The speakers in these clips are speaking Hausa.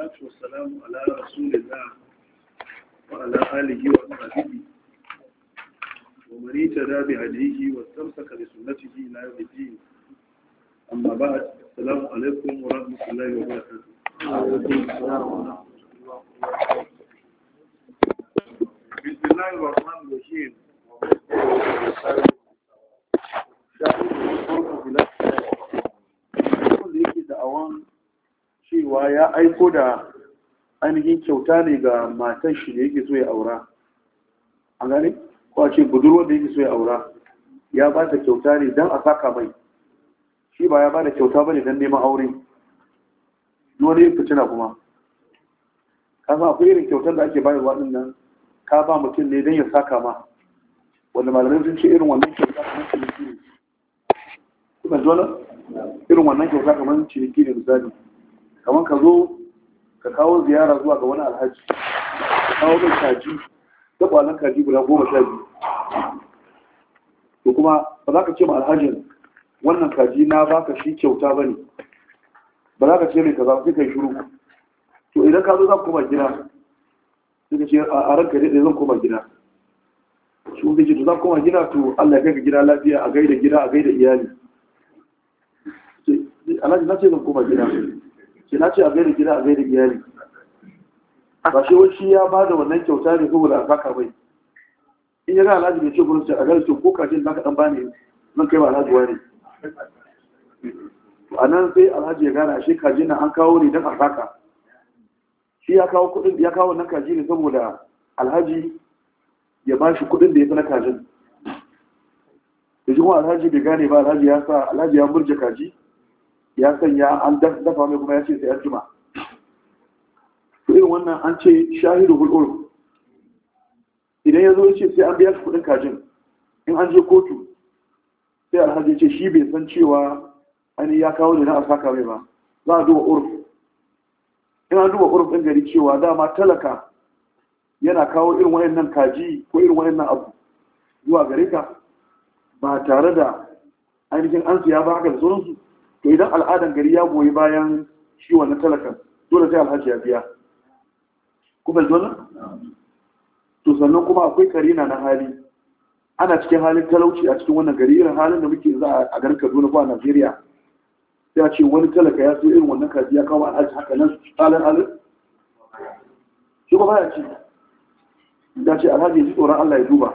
salatu wassalamu ala rasulillah wa ala alihi wa sahbihi wa man ittaba bi hadihi wa bi sunnatihi ila yawm al-din amma ba'd assalamu wa rahmatullahi wa barakatuh cewa ya aiko da ainihin kyauta ne ga matan shi da yake so ya aura an gane ko a ce budurwar da yake so ya aura ya ba ta kyauta ne don a saka mai shi ba ya ba da kyauta ba ne don neman aure wani fitina kuma kasa akwai irin kyautar da ake bayarwa din nan ka ba mutum ne don ya saka ma wanda malamai sun ce irin wannan kyauta kamar ciniki ne kuma zuwa irin wannan kyauta kamar ciniki ne misali kamar ka zo ka kawo ziyara zuwa ga wani alhaji ka kawo mai kaji da kwanan kaji guda goma sha biyu to kuma ba za ka ce ma alhajin wannan kaji na baka shi kyauta ba ne ba za ka ce mai kaza sai ka yi shiru to idan ka zo za koma gida sai ka ce a ranka daɗe zan koma gida su zai ce to za koma gida to Allah ya kai gida lafiya a gaida gida a gaida iyali alhaji na ce zan koma gida ce ce a gari gida a gari iyali ba shi wani shi ya ba da wannan kyauta ne saboda a saka bai in yana alhaji mai ce gurin a gari ce ko kashin za ka dan bani zan kai ba alhaji wani a nan sai alhaji ya gane ashe kaji na an kawo ne don a saka shi ya kawo kudin ya kawo wannan kaji ne saboda alhaji ya ba shi kudin da ya fi na kajin da jin alhaji bai gane ba alhaji ya sa alhaji ya murje kaji ya sanya an dafa mai kuma ya ce sai an to irin wannan an ce shahidu hulɗuru idan ya zo ya ce sai an biya shi kuɗin kajin in an je kotu sai alhaji ce shi bai san cewa an ya kawo da na a saka mai ba za a duba urf in an duba urf ɗin gari cewa dama talaka yana kawo irin nan kaji ko irin nan abu zuwa gare ka ba tare da ainihin an siya ba haka da sauransu to idan al'adan gari ya goyi bayan shi wannan talakan dole sai alhaji ya biya kuma zuwa to sannan kuma akwai karina na hali ana cikin halin talauci a cikin wannan gari irin halin da muke za a garin kaduna ko a najeriya Ya ce wani talaka ya so irin wannan kaji ya kawo alhaji haka nan halin halin shi ba baya ci da ce alhaji ya ji tsoron allah ya duba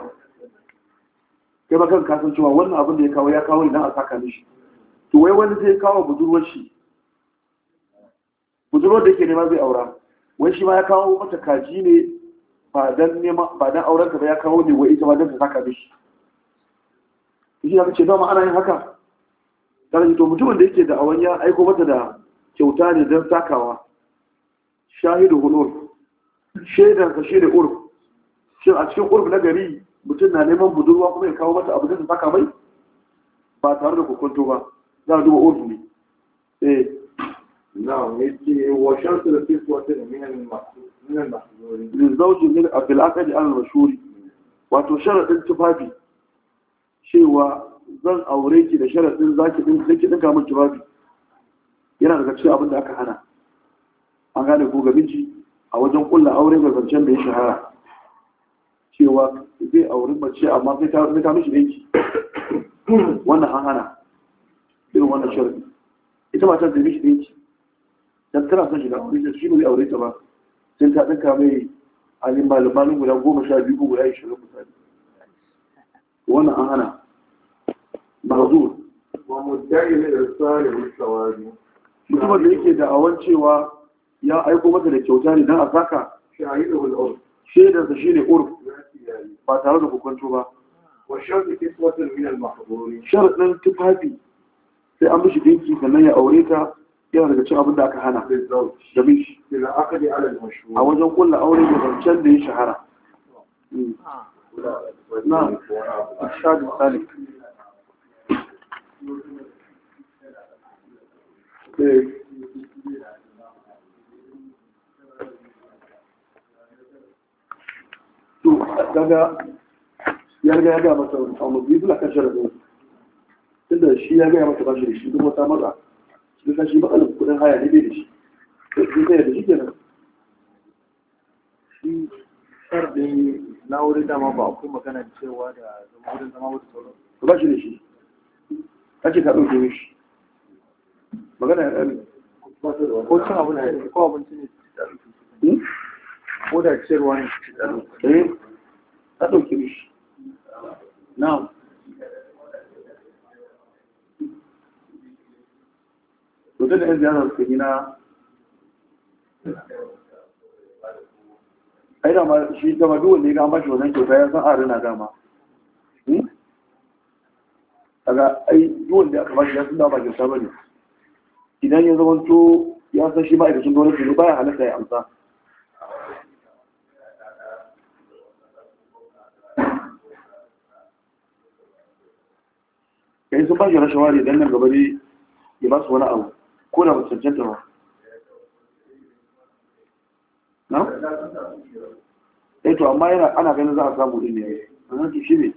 kai ba kan kasancewa wannan abin da ya kawo ya kawo idan a saka mishi to wai wani zai kawo budurwar shi budurwar da ke nema zai aura wai shi ma ya kawo mata kaji ne ba dan ba auren ka ba ya kawo ne wai ita ma dan ta saka mishi shi ya ce dama ana yin haka dan to mutumin da yake da awon ya aiko mata da kyauta ne don sakawa shahidu hulur shaidan ka shi ne urf shin a cikin urf na gari mutum na neman budurwa kuma ya kawo mata abu da ta saka mai ba tare da hukunto ba za a duba urdu ne eh na'am yace wa shartu da fitu wa tana min al-mahzuri min zawji min fil aqd al-mashhuri wato sharadin tufafi cewa zan aure ki da sharadin zaki din zaki dinka min tufafi yana daga cikin abin da aka hana an gane ko ga miji a wajen kulla aure ga zancen da ya shahara cewa zai auri mace amma sai ta mishi ɗinki wannan an hana irin wannan sharadi ita matar da mishi ɗaya ce dan tana son shiga aure ta shi bai aure ta ba sai ta ɗinka mai alin malamalin guda goma sha biyu guda ishirin mutane. wannan an hana mazur wa muddayi ne da tsari mutawari mutumin da yake da cewa ya aiko mata da kyauta ne don a saka shaidarsa shi ne urf ba tare da hukunci ba Wa sharaɗin tufafi في أمشي دينك ثمانية أوريكا يا رجال شو أبدا كهنا جميش إلى أخذ على المشهور أو كل أوريكا بالشل دين شهرة نعم الشاد الثاني هذا يرجع هذا مثلا أو مبيد لك شرطه tunda shi ya gaya mata bashi da shi duk wata maza duk shi bakalin kudin haya ne bai da shi sai sai da shi kenan shi da yi na wurin dama ba ku magana cewa da zama wurin zama wurin sauran ba shi da shi ta ce ta ɗauke mishi magana ya ɗari ko cin abu na ya ko abinci ne hmm? ko da cewa ne eh, ta ɗauke mishi na'am to da yan siyasa suka yi na ai dama shi dama duk wanda ya gama shi wannan kyauta ya san a na dama daga hmm? ai duk ya aka shi ya san dama kyauta ba ne idan ya zama to ya san shi ma'aikacin gwamnati ne baya halitta ya amsa yi sun bashi rashawari don nan gabari ya ba su wani abu ko da ba cancanta ba na? Eh, to amma yana ana ganin za a samu din ne a nan shi ne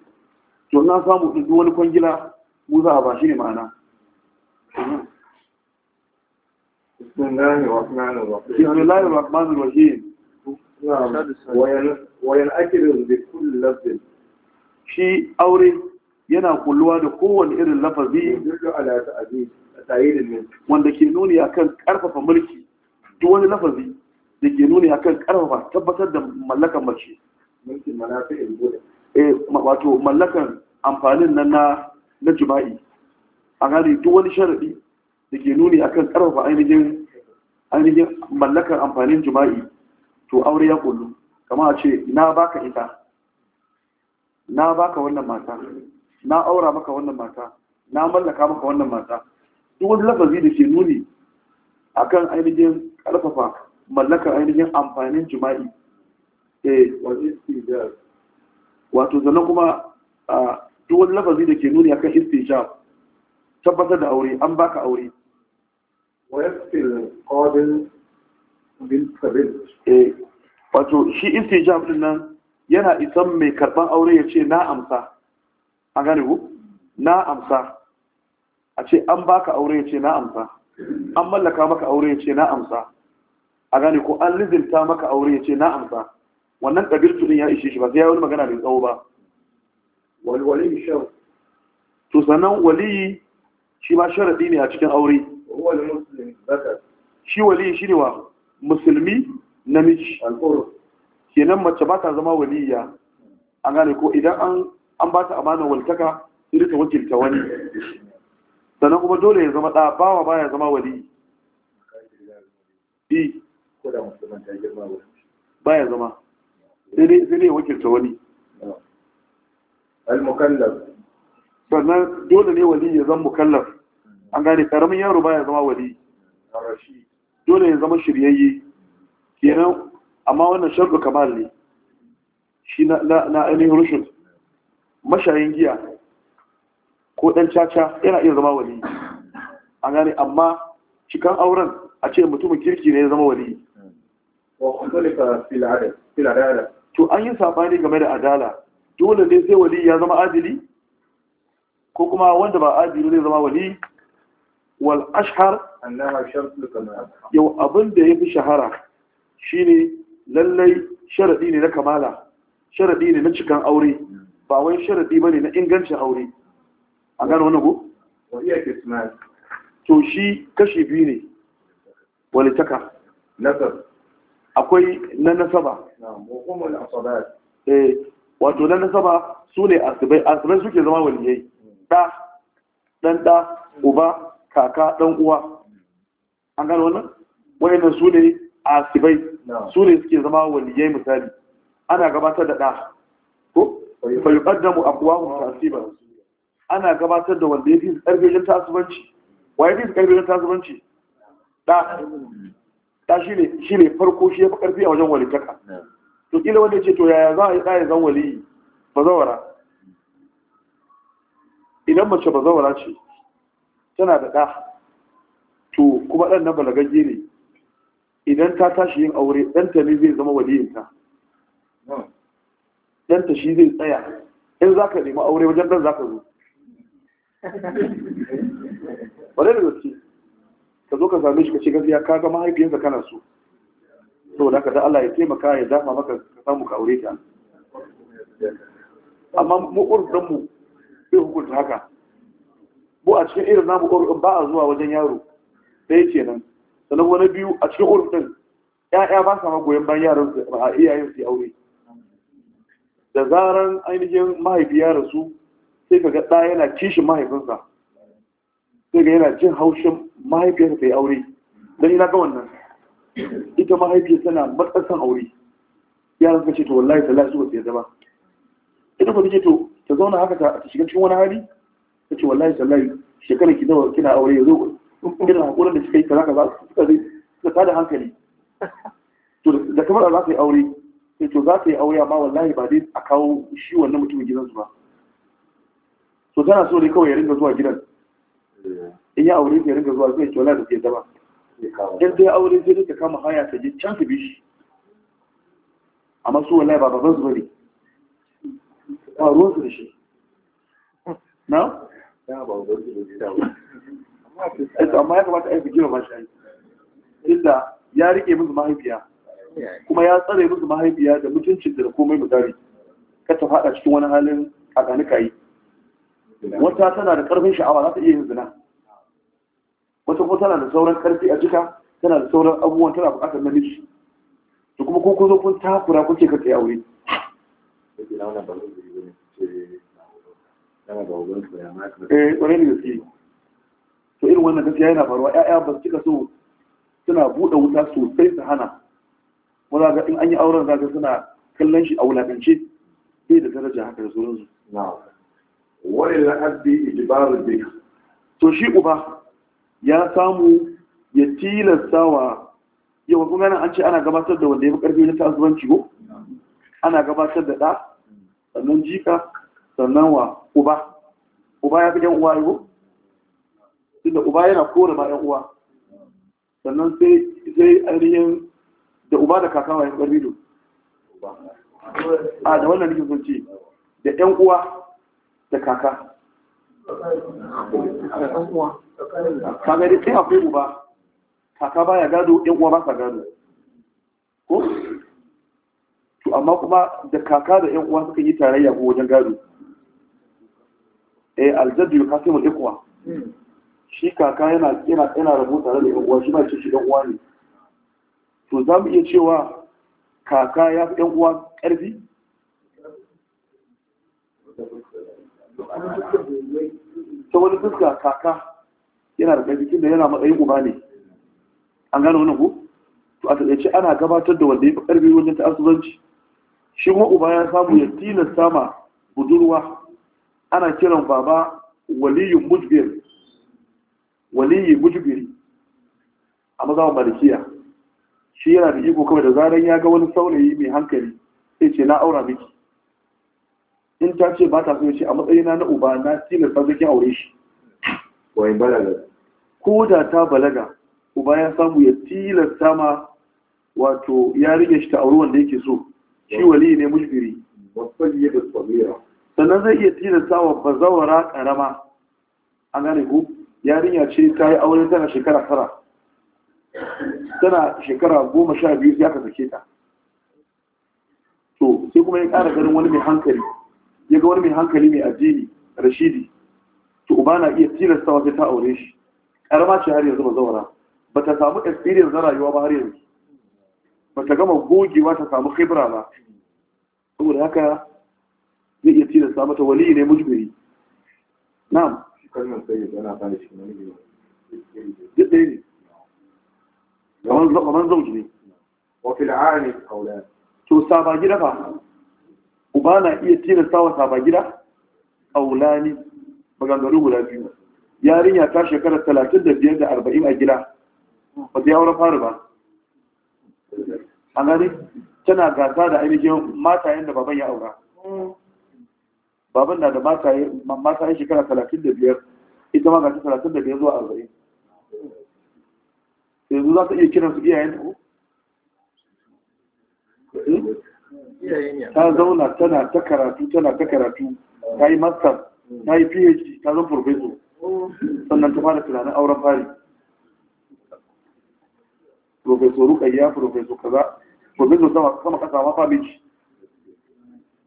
to na samu din wani kwangila mu za a ba shi ne ma'ana bismillahir rahmanir rahim bismillahir rahmanir rahim wayan wayan akirin bi kulli lafzin shi aure yana kulluwa da kowane irin lafazi wanda ke nuni akan karfafa mulki duk wani lafazi da ke nuni akan karfafa tabbatar da mallakan mace eh, wato mallakan amfanin nan na jima'i a gani duk wani sharaɗi da ke nuni akan karfafa ainihin ainihin mallakan amfanin jima'i to aure ya kullu kama a ce na baka ita na baka wannan mata na aura maka wannan mata na mallaka maka wannan mata duk wani lafazi da ke nuni akan ainihin karfafa mallakar ainihin amfanin jima'i eh wato zanen kuma duk wani lafazi da ke nuni akan istijab tabbatar da aure an baka aure eh, wato shi istijab din nan yana isan mai karban aure ya ce na amsa an gane ku na amsa a ce an baka aure ya ce na amsa an mallaka maka aure ya ce na amsa a gane ko an lizinta maka aure ya ce na amsa wannan ɗabiltu ɗin ya ishe shi ba sai ya wani magana mai tsawo ba walwali shau to sannan waliyi shi ma sharaɗi ne a cikin aure shi waliyi shi ne wa musulmi namiji kenan mace ba ta zama waliya A gane ko idan an an ba ta amana waltaka irin ta wakilta wani sannan kuma dole ya zama ɗabawa ba baya zama wali Ba baya zama sai dai ya wakilta wani al-mukallaf sannan dole ne wali ya zama mukallaf an gane karamin yaro baya zama wali dole ya zama shiryayye kenan amma wannan sharɗu kamal ne shi na ainihin rushin mashayin giya ko ɗan caca yana iya zama wali a gane amma cikan auren a ce mutumin kirki ne ya zama wali to an yi safani game da adala dole ne sai wali ya zama adili ko kuma wanda ba adili zai zama wali wal ashhar yau abin da ya fi shahara shine lallai sharadi ne na kamala sharaɗi ne na cikan aure ba wai sharadi ba ne na ingancin aure a gano wani ko? to shi kashi biyu ne walitaka akwai na nasaba eh, wato na nasaba su ne asibai asibai suke zama waliyai ɗa ɗan ɗa uba kaka ɗan uwa an gano wannan hmm. wayannan su ne asibai su ne suke zama waliyai misali ana gabatar da ɗa ko fa yuqaddamu aqwahum tasiban ana gabatar da wanda yafi karfin tasubanci waye yafi karfin tasubanci da da shi ne farko shi fi karfi a wajen walitaka to kila wanda ce to yaya za a yi ɗaya zan wali bazawara idan mace bazawara ce tana da ɗa to kuma ɗan na balagagge ne idan ta tashi yin aure ɗanta ne zai zama waliyinta ta shi zai tsaya in za ka nemi aure wajen dan za ka zo wadai da gaske ka zo ka same shi ka ce gaskiya ka ga mahaifiyarsa kana so saboda ka da Allah ya taimaka ya dama maka ka samu ka aure ta amma mu urdan mu sai hukunta haka mu a cikin irin namu urdan ba a zuwa wajen yaro sai ce nan sannan wani biyu a cikin urdan ya'ya ba sa ma goyon bayan yaran su a iyayen su aure da zaran ainihin mahaifi ya rasu sai ka ga ɗa yana kishin mahaifinsa sai ga yana jin haushin mahaifiyarsa ta yi aure don ina ga wannan ita mahaifiyar tana matsasan aure yaran ka ce to wallahi ta lasu wasu yadda ba ita ba take to ta zauna haka ta shiga cikin wani hali ta ce wallahi sallahi shekarar ki nawa kina aure zo irin hakuran da suka yi za kaza ka zai ta da hankali to da kamar za su yi aure sai eh, to za ta yi auya ma wallahi ba dai a kawo shi wannan mutumin su ba to tana so dai kawai ya ringa zuwa gidan in ya aure ya ringa zuwa zai ce wallahi da ke zama in dai aure zai ringa kama haya ta je can su bi shi amma su wallahi ba baban su bane ba ruwan su da shi na eh, amma ya kamata a yi bugiyar mashayi. shi inda ya rike musu mahaifiya kuma ya tsare musu mahaifiya da mutuncin da komai dare ka ta fada cikin wani halin a ganuka yi wata tana da karfin sha'awa za ta iya yin zina wata kuma tana da sauran karfi a jika tana da sauran abubuwan tana buƙatar namiji to kuma ko kuzo kun takura kuke ka tsaye aure eh ƙwarai ne gaske to irin wannan gaskiya yana faruwa 'ya'ya ba su cika so suna buɗe wuta sosai su hana kuma ga in an yi auren zaka suna kallon shi a wulakance Sai da daraja haka da sauransu wani la'addi ijibaru bai to shi uba ya samu ya tilasta wa yawa kuma yana an ce ana gabatar da wanda ya fi karfi na ta'azubanci ko ana gabatar da ɗa sannan jika sannan wa uba uba ya fi yan uwa yi yiwu tunda uba yana kore ma yan uwa sannan sai ainihin da uba da kaka ya ƙarfi do a da wannan nufin sun ce da 'yan uwa da kaka Kaka da sai akwai uba kaka baya gado 'yan uwa ba sa gado ko to amma kuma da kaka da 'yan uwa suka yi tarayya ko wajen gado eh aljaddu wa ikwa hmm. shi kaka yana rabu tare da ƴan uwa shi ba ce shi ɗan uwa ne to za mu iya cewa kaka ya fi ɗan uwa ƙarfi? ta wani fuska kaka yana da ƙarfi da yana matsayin uba ne an gano wani ku? to a taɗaice ana gabatar da wanda ya fi ƙarfi wajen ta'asubanci shi kuma uba ya samu ya tilasta ma budurwa ana kiran baba waliyun mujbir waliyun mujbiri a mazawa malikiya shi yana da iko kawai da zaran ya ga wani saurayi mai hankali sai ce na aura miki in ta ce ba ta so ce a matsayina na uba na tilasta zaki aure shi wai balaga ko da ta balaga uba ya samu ya tilasta ma wato ya rike shi ta auri wanda yake so shi wali ne mujbiri sannan zai iya tilasta wa bazawara karama an gane ku yarinya ce ta yi aure tana shekara tara tana shekara goma sha biyu ya ka sake ta to sai kuma ya ƙara ganin wani mai hankali ya ga wani mai hankali mai addini rashidi to uba na iya tilasta sai ta aure shi karama ce har yanzu ba zaura ba ta samu experience na rayuwa ba har yanzu ba ta gama gogewa ta samu khibra ba saboda haka zai iya tilasta mata wali ne mujbiri na'am duk ɗaya ne kaman zauji ne wa fil aani qawlan to saba gida fa uba na iya tilasta wa saba gida qawlani guda biyu yarinya ta shekara talatin da biyar da arba'in a gida ba ta yi auren fari ba a gani tana gasa da ainihin matayen da baban ya aura baban na da matayen shekara talatin da biyar ita ma gasa talatin da biyar zuwa arba'in yanzu za ta iya kiran su iyayen ku hmm? ta zauna tana ta karatu tana ta karatu ta yi master ta yi phd ta zan professor sannan ta fara tunanin auren fari professor rukayya professor kaza professor sama sama kasa ma famiji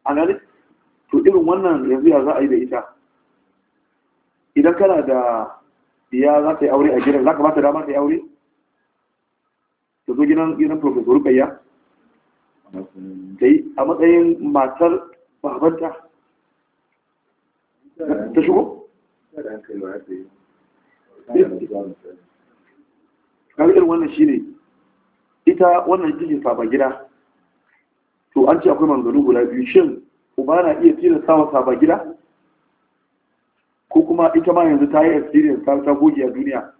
a gani to irin wannan yanzu ya za a yi da ita idan kana da ya za ta yi aure a gidan za ka ba ta dama ta yi aure ta zo gidan gidan profesor kayya dai a matsayin matar babanta ta shigo? ƙarfin wannan shi ne ita wannan cikin saba gida to an ce akwai manzanni guda biyu shin uba na iya tira sawa saba gida ko kuma ita ma yanzu ta yi experience ta goge a duniya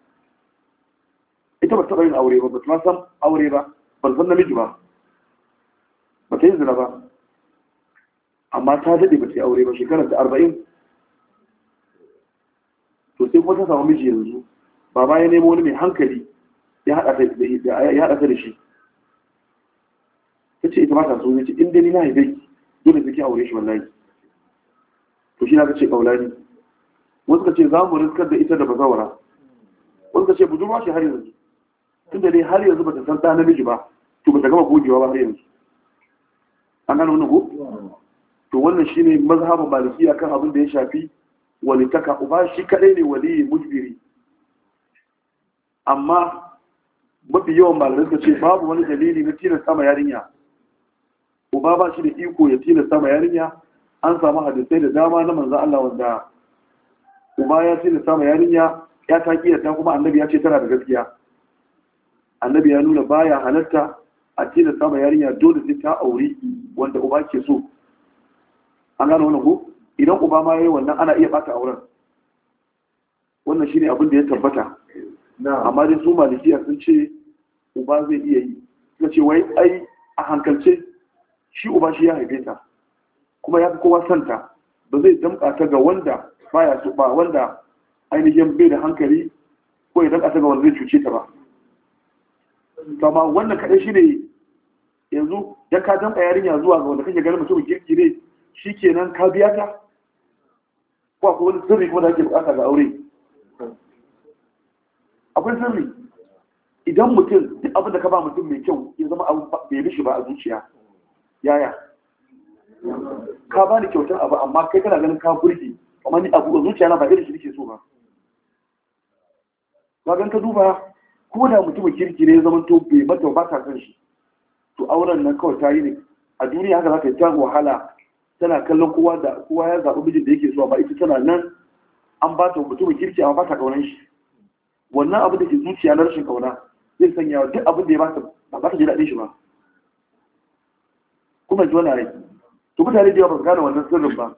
ita ba taɓa yin aure ba ba ta san aure ba ba san namiji ba ba ta yi zina ba amma ta daɗe ba ta yi aure ba shekarar ta arba'in to sai kuma ta samu miji yanzu baba ya nemo wani mai hankali ya haɗa ta da shi ta ce ita ta so ya ce inda ni na haife dole sai ki aure shi wallahi to shi na ta ce ƙaulani wasu ka ce za mu riskar da ita da bazawara wasu ka ce budurwa shi har yanzu tunda dai har yanzu bata san ɗa namiji ba to bata gama gogewa ba har yanzu an gano wani ko to wannan shine mazhabin maliki akan abin da ya shafi walitaka uba shi kadai ne wali mujbiri amma mafi yawan malamai suka ce babu wani dalili na tilasta sama yarinya uba ba shi da iko ya tilasta sama yarinya an samu hadisai da dama na manzo Allah wanda uba ya tilasta sama yarinya ya ta kiyarta kuma annabi ya ce tana da gaskiya annabi ya nuna baya halatta a tilasta sama yarinya dole sai ta auri wanda uba ke so an gano wannan ko idan uba ma yayi wannan ana iya bata auren wannan shine abin da ya tabbata amma dai su malikiya sun ce uba zai iya yi suka ce wai ai a hankalce shi uba shi ya haife ta kuma ya fi kowa santa ba zai damka ta ga wanda baya so ba wanda ainihin bai da hankali ko ya damƙa ta ga wanda zai cuce ta ba kama wannan kaɗai shi ne yanzu ya ka jam'a yarinya zuwa ga wanda kake ganin mutumin kirki ne shi kenan ka biya ta ko akwai wani sirri kuma da ake bukata ga aure akwai sirri idan mutum duk abin da ka ba mutum mai kyau ya zama abu bai mishi ba a zuciya yaya ka ba ni kyautar abu amma kai kana ganin ka burge amma ni abu a zuciya na ba irin shi nake so ba ba gan ka duba ko da mutumin kirki ne zama to bai mata ba ta san shi to auren nan kawai ta yi ne a duniya haka za ta yi ta wahala tana kallon kowa da kowa ya zaɓi mijin da yake so amma ita tana nan an ba ta mutumin kirki amma ba ta kaunan shi wannan abin da ke zuciya na rashin kauna zai sanya duk abin da ya ba ta ba ta ji daɗin shi ba kuma ji wani aiki to mutane da yawa ba su gane wannan sirrin ba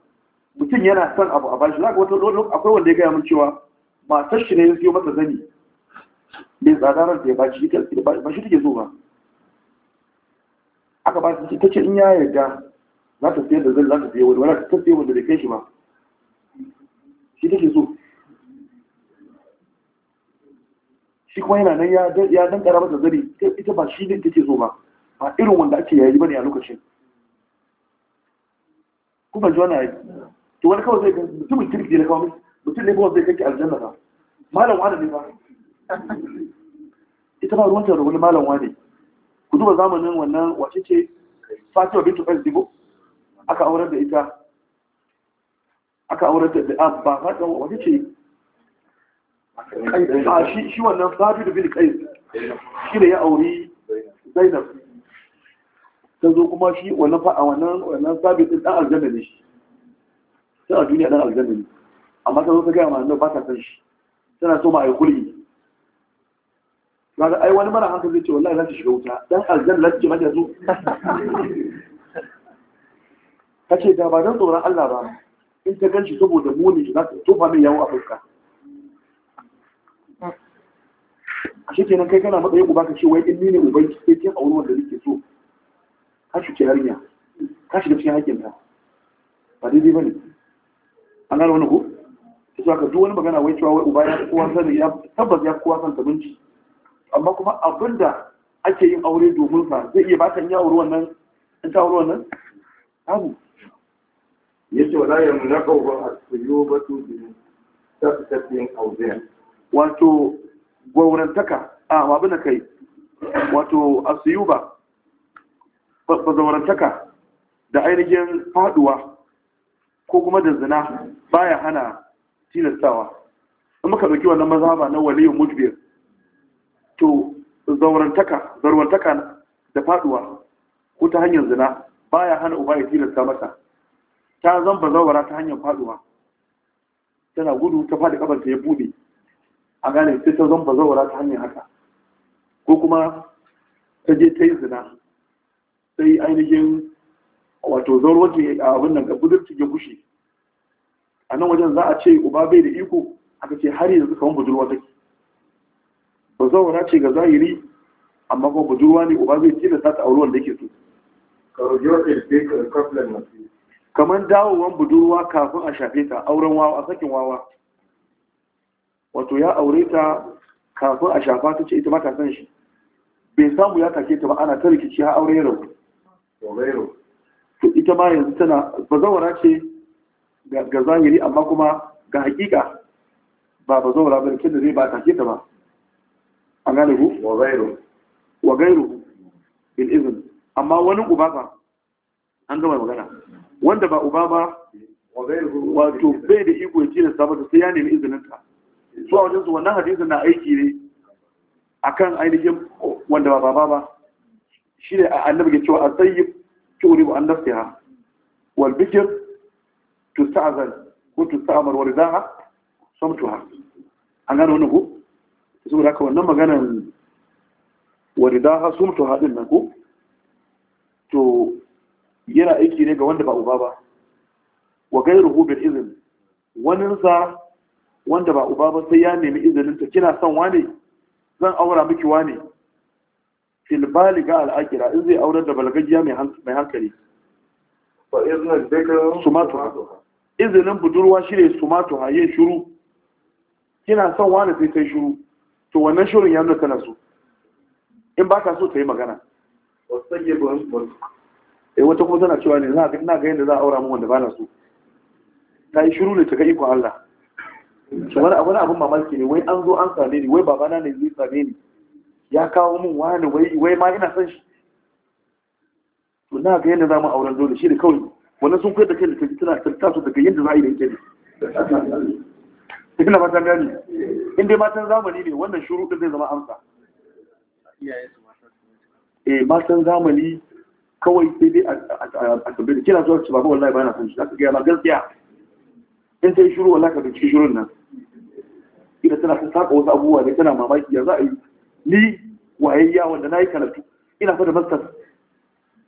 mutum yana son abu a bashi za ka wata akwai wanda ya gaya min cewa matar shi ne ya siyo masa zani mai tsadarar da ya ba shi ba shi take so ba aka ba su ta ce in ya yarda za ta sayar da zai za ta sayar wani wani ta sayar wanda bai kai shi ba shi take so shi kuma yana nan ya dan kara mata zari ita ba shi ne take so ba ba irin wanda ake yayi bane a lokacin kuma ji wani ayi to wani kawai zai ga mutumin kirki ne kawai mutum ne kawai zai kake aljanna ba malam wani ne ba ita ba ruwanta da wani malam wane ku duba zamanin wannan wace ce fatima bintu el dibo aka aurar da ita aka aurar da ba fatima wace ce a shi shi wannan fatima bin kai shi ne ya auri zainab ta zo kuma shi wannan fa'a wannan wannan sabit din dan aljanna ne shi sai a duniya dan aljanna ne amma ta zo ta ga ma ba ta san shi tana so ma ai kulli kaga ai wani mara hankali ce wallahi za su shiga wuta dan aljan za su ce zo kace da ba dan tsoron Allah ba in ta ganci saboda muni za ta tofa min yawo a fuska shi kenan kai kana matsayin uba ka ce wai in ni ne uban ki sai kin auri wanda nake so ka shuke yarinya ka shiga cikin hakkin ta ba daidai bane an gane wani ko Ta ka duk wani magana wai cewa wai uba ya kowa sani ya tabbas ya kowa san binci amma kuma abin da ake yin aure domin sa zai iya baka ya aure wannan in ta aure wannan abu yace wala ya munaka wa asuyubatu bi yin aure wato gwaurantaka a abin da kai wato ba zaurantaka da ainihin faduwa ko kuma da zina baya hana tilastawa in muka dauki wannan mazhaba na waliyul mujbir zaurantaka zaurantaka da faduwa ko ta hanyar zina baya hana uba ya tilasta masa ta zamba zawara ta hanyar faduwa tana gudu ta fadi ta ya bude a gane sai ta zamba zawara ta hanyar haka ko kuma ta je ta yi zina sai ainihin wato zaurwata a abin nan ga gudun ya gushe a nan wajen za a ce uba bai da iko aka ce har yanzu kamar budurwa take ba zaura ce ga zahiri amma kuma budurwa ne uba zai tilasta ta auri wanda yake so kamar dawowan budurwa kafin a shafe ta auren wawa a sakin wawa wato ya aure ta kafin a shafa ta ce ita ba ta san shi bai samu ya take ta ba ana ta rikici har aure yaro to ita ma yanzu tana bazawara ce ga zahiri amma kuma ga hakika ba bazawara ba da zai ba take ta ba an gane ku wa wa gairu bil izn amma wani uba ba an gama magana wanda ba uba ba wato bai da iko ya da Sabata sai ya nemi izinin ta su a wajen su wannan hadisin na aiki ne akan ainihin wanda ba baba ba shi ne annabi ke cewa asayyib turibu an nafsiha wal bikr tusta'zan ko tusta'mar wa ridaha samtuha an gano wannan ku saboda haka wannan maganar waridaha to haɗin nan ko to yana aiki ne ga wanda ba uba ba wa gai bil izin wani sa wanda ba uba ba sai ya nemi izinin ta kina son wane zan aura miki wane filbali ga al'akira in zai aurar da balagajiya mai hankali izinin iznin bikr sumatuha izinin budurwa shine ha yin shuru kina son wane sai sai shuru to wannan shirin ya nuna kana so in ba ka so ta yi magana eh, wata kuma tana cewa ne a ga ina ga yadda za a aura mu wanda ba na so ta yi shiru ne ta ga ikon Allah shi wani abin abin mamaki ne wai an zo an same ni wai babana ne zai same ni ya kawo min wani wai ma ina son shi to na ga yadda za mu auren dole shi da kawai wannan sun kai da kai da kai tana su daga yadda za a yi da ita ne ina ta gani in dai matan zamani ne wannan shuru din zai zama amsa eh matan zamani kawai sai dai a da kina zuwa cibaba baba wallahi ba na san shi zaka ga ma gaskiya in sai shiru wallahi ka bincike shirun nan Ina tana ta saka wasu abubuwa da tana mamaki ya za a yi ni wayayya wanda na yi karatu ina fa da masters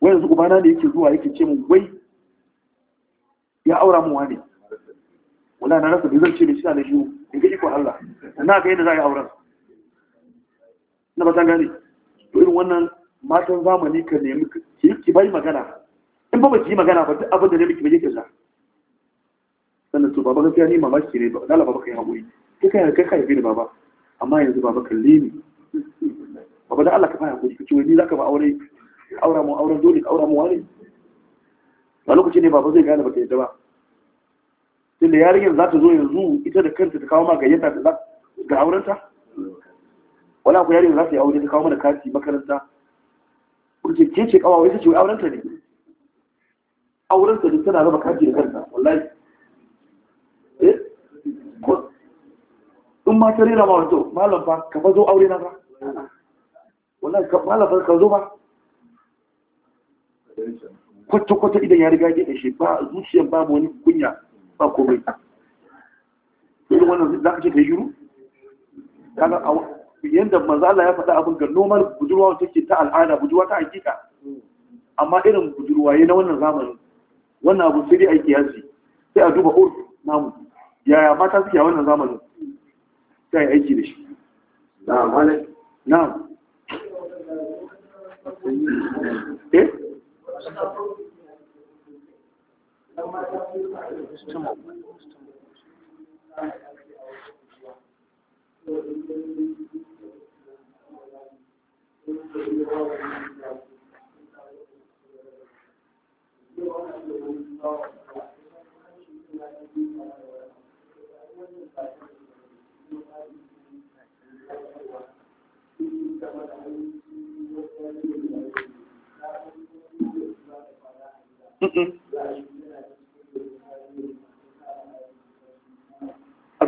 wai yanzu ubana ne yake zuwa yake ce min wai ya aura mu wani wala na rasa zan ce da shi na da shi in ga iko Allah na ga yadda za a yi auren na ba san gane to irin wannan matan zamani ka nemi ki bai magana in ba ki magana ba duk abin da nemi ki bai kirza sannan to baba gaskiya ni mamaki ne ba dala baba kai hakuri kai kai kai kai bin baba amma yanzu baba kalle ni baba da Allah ka fara hakuri kace ni zaka ba aure aura mu auren dole ka aura mu wani a lokaci ne baba zai gane baka yadda ba tunda yarinyar za ta zo yanzu ita da kanta ta kawo ma gayyata ga aurenta Wani ku yare za su yi aure ta kawo mana kati makaranta kurce ke ce kawo wai ce wai auren ta ne auren ta ne tana raba kati da karta wallahi eh in ma ta rera ma wato malam fa ka fa zo aure na fa wallahi ka malam fa ka zo ba kwata kwata idan ya riga gida shi ba zuciyar babu wani kunya ba komai irin wannan za ka ce ka yi yuru kaga yadda manzo Allah ya faɗa abin ga normal budurwa take ta al'ada budurwa ta hakika amma irin budurwaye na wannan zamani wannan abu sai dai aiki sai a duba ur oh, namu yaya mata suke a wannan zamanin sai a aiki da shi na'am na'am Thank eh? you. a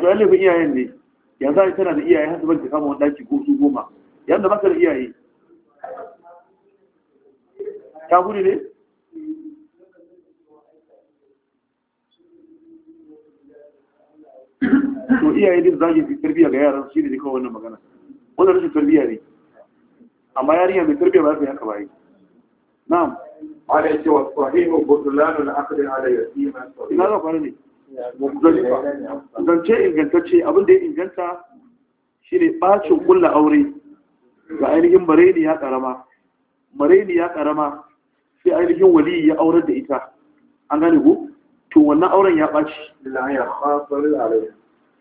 tsoron iyayen ne yanzu a tana da iyayen hasu banki kama wani ɗaki goma yadda baka da iyaye ta gudu ne to iyaye din zaki fi tarbiyya ga yaran shi ne kawai wannan magana wannan rashin tarbiyya ne amma yarinya mai tarbiyya ba za ta yi haka ba yi na'am ala yake wa sahihu budlanu na akadin ala yasima ina za fara ne zance ingantacce abin da ya inganta shine ne bacin kulla aure ga ainihin mareni ya karama mareni ya karama sai ainihin wali ya aurar da ita an gane ku to wannan auren ya ɓaci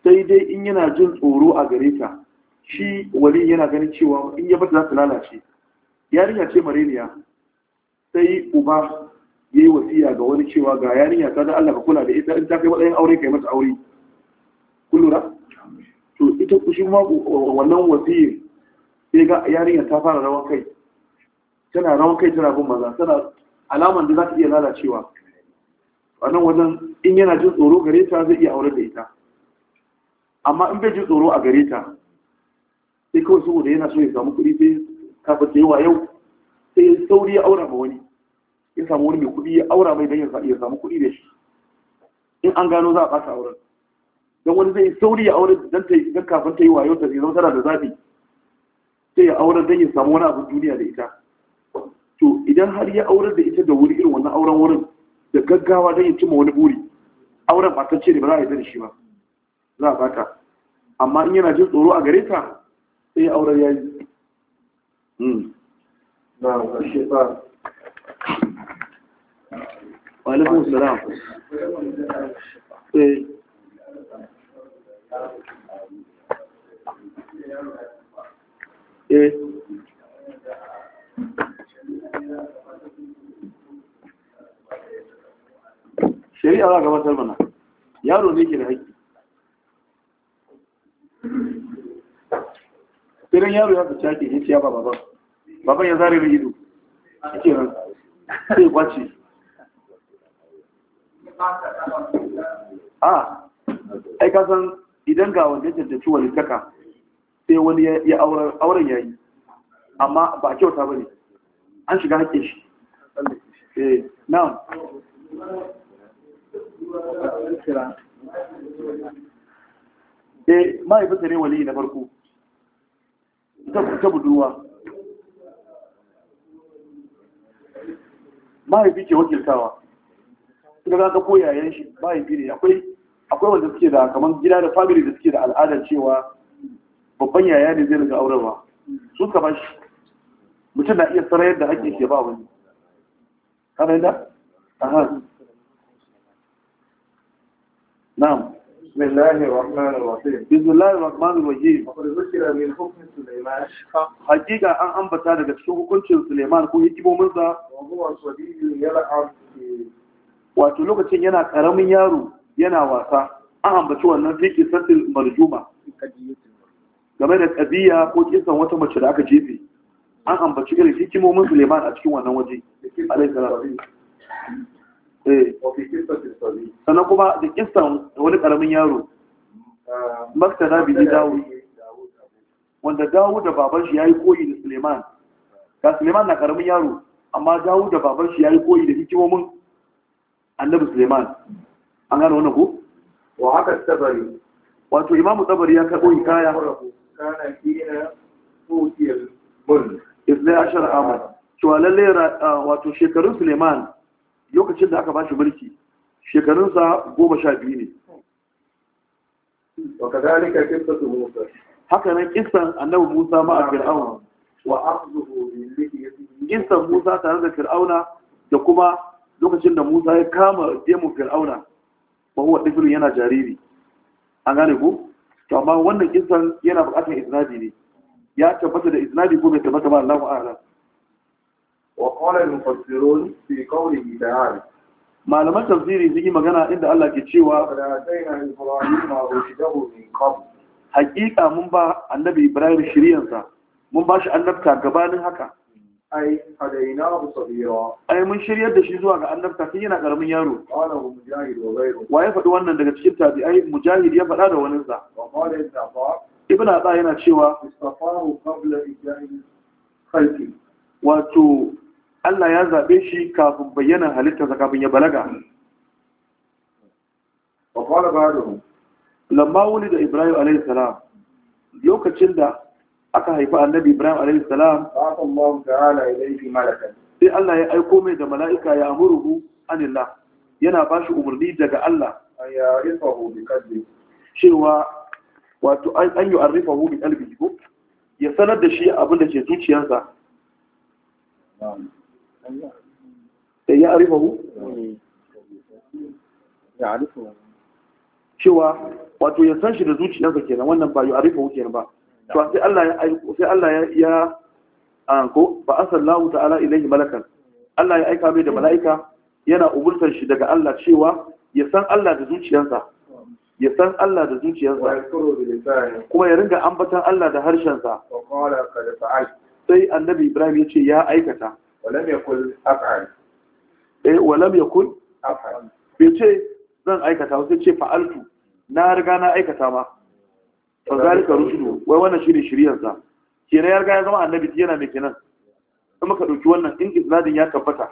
sai dai in yana jin tsoro a gare ta shi wali yana ganin cewa in ya bata za su lalace yarinya ce mareniya sai uba ya yi wasiya ga wani cewa ga yarinya ta da Allah ka kula da ita in ta kai matsayin aure kai mata aure kun lura to ita kushin ma wannan wasiyin sai ga yarinya ta fara rawan kai tana rawan kai tana bin maza tana alaman da za ta iya lalacewa Wannan wajen in yana jin tsoro gare ta zai iya aure da ita amma in bai jin tsoro a gare ta sai kawai saboda yana so ya samu kuɗi sai kafin da yawa yau sai ya sauri ya aura ma wani ya samu wani mai kuɗi ya aura mai don ya samu kuɗi da shi in an gano za a ɓata auren don wani zai sauri ya aure don ta don kafin ta yi wayo ta zama tana da zafi sai ya aure don ya samu wani abin duniya da ita to idan har ya aurar da ita da wuri irin wannan auren wurin da gaggawa don ya cimma wani buri auren ba ta ce ne ba za a yi da shi ba za a baka amma in yana jin tsoro a gare ta sai ya aurar ya yi Yeah. shari'a za a gabatar mana yaro ne ke da haƙƙi sai yaro ya fita ke yi ciyaba ya ba baban baban ya zare da ido ake nan sai ya kwace a ah, ai ka san idan ga wanda ya cancanci wani sai wani ya auren yayi amma ba kyauta ba ne an shiga haƙƙin shi E, na'am eh mahaifinsa ne wali na farko ta budurwa mahaifi ke wakiltawa suka za ka koyayen shi mahaifi ne akwai wanda suke da kamar gida da family da suke da al'adar cewa babban yaya ne zai riga aurarwa su ka ba shi mutum na iya tsara yadda hakkin shi ba wani kana yadda aha na'am بسم الله الرحمن الرحيم بسم الله الرحمن الرحيم وقد ذكر من حكم سليمان حقيقة أن wato lokacin yana karamin yaro yana wasa an ambaci wannan fiƙi sassin marjuma game da ƙabiya ko kisan wata mace da aka jefe an ambaci irin hikimomin Suleiman a cikin wannan waje alaihi salam eh. sannan kuma da kistan wani karamin yaro maktana bi dawo wanda dawo da baban shi yayi koyi da Suleiman ga Suleiman na karamin yaro amma dawo da baban shi yayi koyi da hikimomin Annabi Suleiman an gano wannan ko wa haka tabari wato Imamu Tabari ya karbo hikaya kana kira tutiyal mulk ibn ashar amur cewa lalle wato shekarun suleiman lokacin da aka ba shi mulki shekarunsa goma sha biyu ne wakazalika kissatu musa haka nan kissan annabi musa ma a fir'auna wa akhdhuhu musa tare da fir'auna da kuma lokacin da musa ya kama demu fir'auna ba huwa tiflun yana jariri an gane ko to amma wannan kissan yana bukatar isnadi ne ya tabbata da isnadi ko bai tabbata ba Allahu a'lam wa qala al-mufassirun fi qawlihi ta'ala malaman tafsiri zigi yi magana inda Allah ke cewa Hakika mun ba annabi Ibrahim shiryansa mun ba shi annabta gabanin haka ai hadaina hadainahu sabira ai mun shiryar da shi zuwa ga annabta kin yana karamin yaro wa ya faɗi wannan daga cikin tabi'ai mujahid ya faɗa da waninsa ibn Abba yana cewa istafahu qabla ijahil khalqi wato Allah ya zabe shi kafin bayyana halittarsa kafin ya balaga wa qala ba'du lamma wulida Ibrahim alayhi salam lokacin da aka haifi annabi Ibrahim alayhi salam Allah ta'ala ilayhi malakan sai Allah ya aiko mai da mala'ika ya amuruhu anillah yana bashi umarni daga Allah ya rifahu bi kadri cewa wato an yi arrifa hu min albi ko ya sanar da shi abin da ke zuciyarsa eh, ya arrifa hu ya arrifa cewa wato ya san shi da zuciyarsa kenan wannan ba ya arrifa hu kenan ba to sai Allah ya sai Allah ya ya anko ba asallahu ta'ala ilaihi malakan Allah ya aika mai da mala'ika yana umurtar shi daga Allah cewa ya san Allah da zuciyarsa ya san Allah da zuciyarsa kuma ya ringa ambatan Allah da harshensa sai annabi Ibrahim ya ce ya aikata walam yakul af'al eh walam af'al bai ce zan aikata sai ce fa'altu na riga na aikata ma fa zalika rusulu wai wannan shine shiryarsa kenan ya riga ya zama annabi yana mai kenan kuma ka dauki wannan in isnadin ya tabbata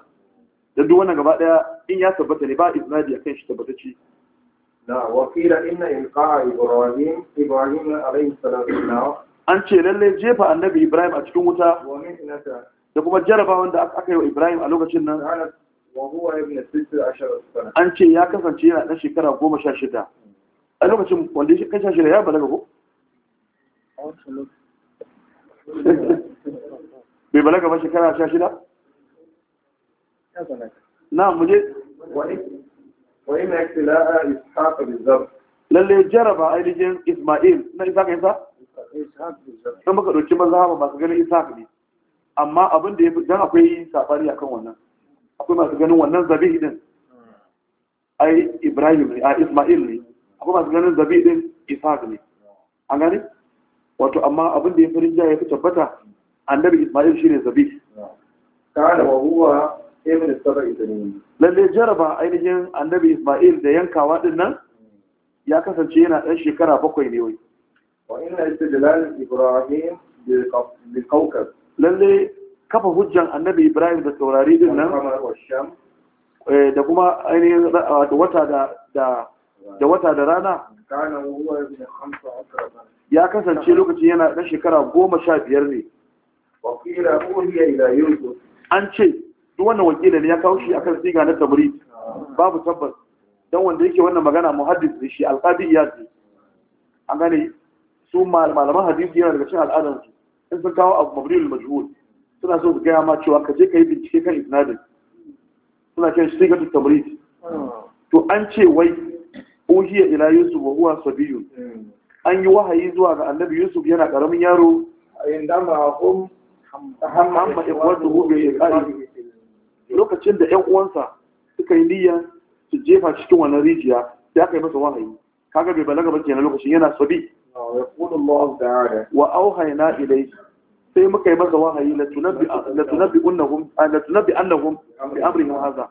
da duk wannan gaba ɗaya in ya tabbata ne ba isnadi kan shi tabbatacce na wakila inna ibrahim ibrahim alaihi salatu wassalam an ce lalle jefa annabi ibrahim a cikin wuta da kuma jarabawan da aka yi wa ibrahim a lokacin nan an ce ya kasance yana ɗan shekara goma sha shida a lokacin wanda ya kan sha shida ya balaga ko bai balaga ba shekara sha shida na muje wa inna a ishaq bil zar lalle jaraba ainihin isma'il na ishaq yasa dan baka dauki mazhaba masu ganin isa ka ne amma abin da fi dan akwai safari a kan wannan akwai masu ganin wannan zabihi din ai ibrahim ne a isma'il ne akwai masu ganin zabihi isa ka ne a gani? wato amma abin da ya farin jaya ya fi tabbata annabi isma'il shine zabihi kana wa huwa lalle jaraba ainihin annabi isma'il da yankawa din nan ya kasance yana ɗan shekara bakwai ne wai lalle kafa hujjan annabi ibrahim da saurari din nan da kuma ainihin wata da da wata da rana ya kasance lokacin yana ɗan shekara goma sha biyar ne an ce duk wannan wakilin ya kawo shi akan siga na tabri babu tabbas dan wanda yake wannan magana muhaddis ne shi alqadi ya ce an gane su malaman hadisi yana daga cikin al'adar su in sun kawo abu al majhul suna so su gaya ma cewa ka je ka yi bincike kan isnadin suna cewa shi siga tabri to an ce wai uhiya ila yusuf wa huwa sabiyun an yi wahayi zuwa ga annabi yusuf yana karamin yaro indama hum hamma ikwatuhu bi iqali lokacin da 'yan uwansa suka yi niyyar su jefa cikin wannan rijiya sai aka yi masa wahayi kaga bai balaga ba kenan lokacin yana sabi wa auhayna ilayhi sai muka yi masa wahayi la tunabbi annahum la tunabbi annahum bi amrihim hadha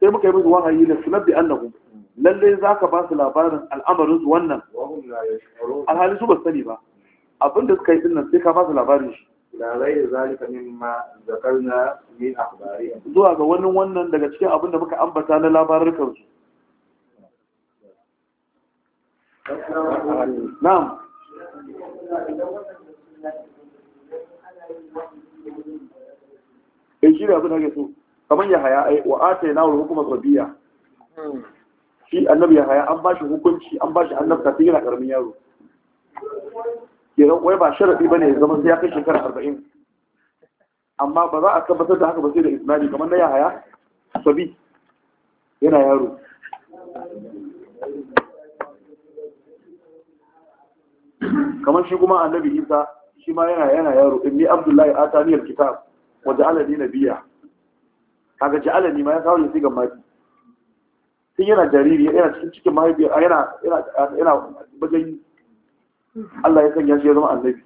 sai muka yi masa wahayi la tunabbi annahum lalle zaka ba su labarin al'amarin su wannan alhali su ba sani ba abinda suka yi dinnan sai ka ba su labarin shi ila ghairi zalika mimma na min akhbarihim zuwa ga wannan wannan daga cikin abin da muka ambata na labarar su na'am eh shi da abin da ke so kamar ya haya ai eh, wa atayna wal hukuma sabiya shi annabi ya haya an shi hukunci an ba shi annabta tun yana karamin yaro kenan wai ba sharaɗi ba ne ya zama sai ya kai shekara arba'in amma ba za a tabbatar da haka ba sai da isnadi kamar na yahaya sabi yana yaro kamar shi kuma annabi isa shi ma yana yana yaro inni abdullahi atani alkitab wa ja'alani nabiyya kaga ja'alani ma ya kawo shi ga mafi tun yana jariri yana cikin cikin mahaifiyar, yana yana yana wajen Allah ya sanya shi ya zama annabi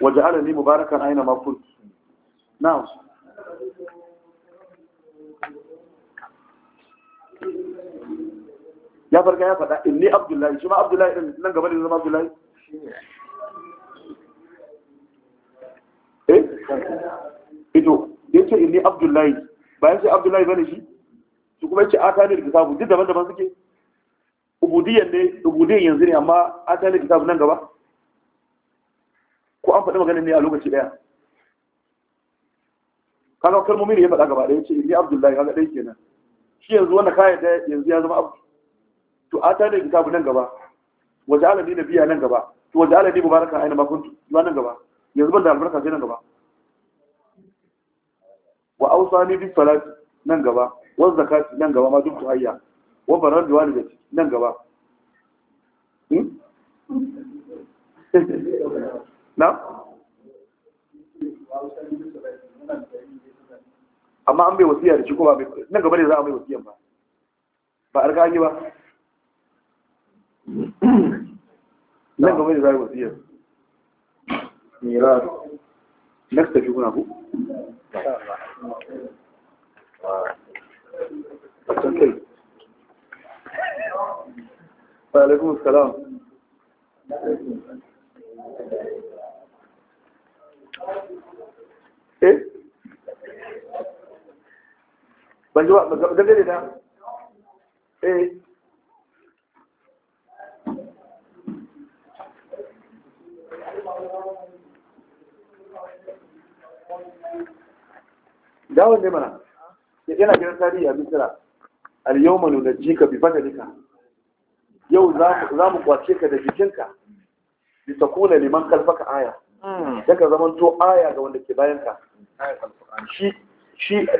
waje alani mubarakan aina makon na ya farka ya faɗa inni abdullahi shi ma abdullahi din nan gaba da zama abdullahi eh ido ya ce inni abdullahi bayan sai abdullahi bane shi su kuma ya ce aka ne da kitabu duk daban-daban suke ubudiyyar ne ubudiyyar yanzu ne amma an ne kitabu nan gaba ko an faɗi maganin ne a lokaci ɗaya kaga kalmomi ne ya faɗa gaba ɗaya ce ni abdullahi kaga ɗaya kenan shi yanzu wannan kayan da yanzu ya zama abu to a ne kitabu nan gaba wajen alabi na biya nan gaba to alabi ba baraka aina makuntu zuwa nan gaba yanzu ban da albarka sai nan gaba wa ni bi salati nan gaba wa zakati nan gaba ma duk hayya wa da wani da nan gaba hmm? na? amma an bai wasiya da shi kuma nan gaba ne za a mai wasiyan ba ba a rikaki ba nan gaba ne za a yi wasiyan mirar next alaikun salam eh ban ji ba dangane dawon dai mana yana gidan tarihi a misira nuna jika nunajjika bi fadlika yau za mu kwace ka da jikinka bisa kuna liman kalfaka aya daga hmm. zaman to aya ga wanda ke bayan ka shi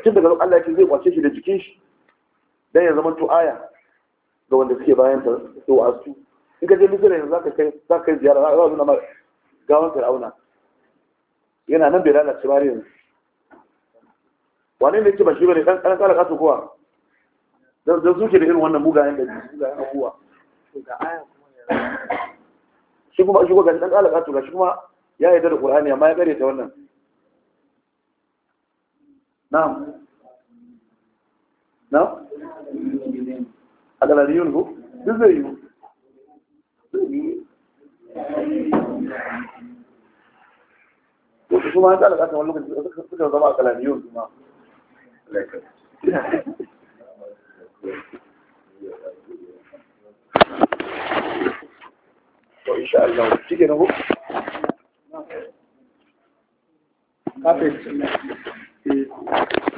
tun daga lokacin Allah ya ce zai kwace shi da jikin shi dan ya zaman to aya ga wanda suke bayan ta to a su in ka je misira yanzu za kai kai ziyara za ka zunama ma gawan fir'auna yana nan bai lalace ba yanzu wane ne ce ba shi bane kan kana kala kasu kowa da zuke da irin wannan mugayen da mugayen abubuwa shi kuma shi kuma dan alaka to kuma ya yi da Qur'ani amma ya kare ta wannan ko duk zai yi kuma wani lokaci suka zama a kalaniyun kuma to insha Allah kike na ko kafin